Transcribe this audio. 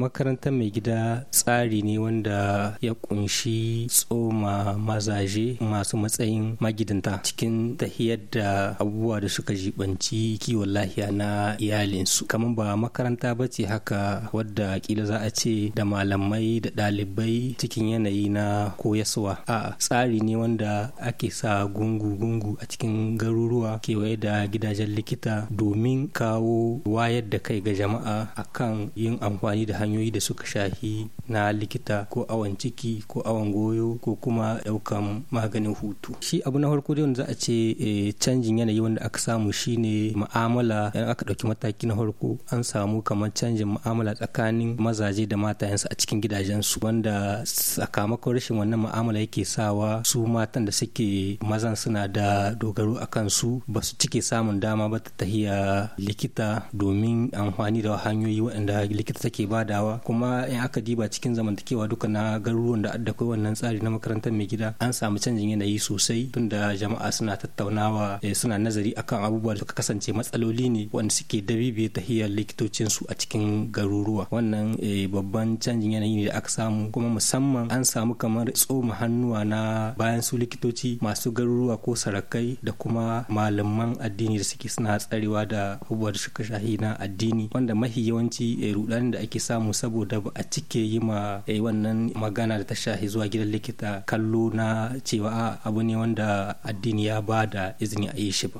makarantar mai gida tsari ne wanda ya kunshi tsoma mazaje masu matsayin magidanta cikin tahiyar da abubuwa da suka jibanci kiwon lahiya na iyalinsu kamar ba makaranta ba ce haka wadda kila za a ce da malamai da ɗalibai cikin yanayi na koyaswa a tsari ne wanda ake sa gungu-gungu a cikin garuruwa kewaye da gidajen likita domin kawo wayar da kai ga jama'a akan yin amfani da hanyar. hanyoyi da suka shahi na likita ko awon ciki ko awon goyo ko kuma daukan maganin hutu shi abu na farko dai wanda za a ce eh, canjin yanayi wanda aka samu shine mu'amala idan aka dauki mataki na farko an samu kamar canjin mu'amala tsakanin mazaje da matayensu a cikin gidajensu wanda sakamakon rashin wannan mu'amala yake sawa su matan da suke mazan suna da dogaro a kansu ba su cike samun dama ba ta tahiya likita domin amfani da hanyoyi waɗanda likita take bada kulawa kuma in aka diba cikin zamantakewa duka na garuruwan da akwai wannan tsari na makarantar mai gida an samu canjin yanayi sosai tunda jama'a suna tattaunawa eh, suna nazari akan abubuwa da suka kasance matsaloli ne wanda suke dabibe tahiyar likitocin su a cikin garuruwa wannan eh, babban canjin yanayi ne da aka samu kuma musamman an samu kamar tsoma hannuwa na bayan su likitoci masu garuruwa ko sarakai da kuma malaman addini da suke suna tsarewa da abubuwa da suka shahi na addini wanda mahi yawanci eh, rudani da ake samu samu saboda ba a cike yi ma eh, wannan magana da ta shahi zuwa gidan likita kallo na cewa abu ne wanda addini ya ba da izini a yi shi ba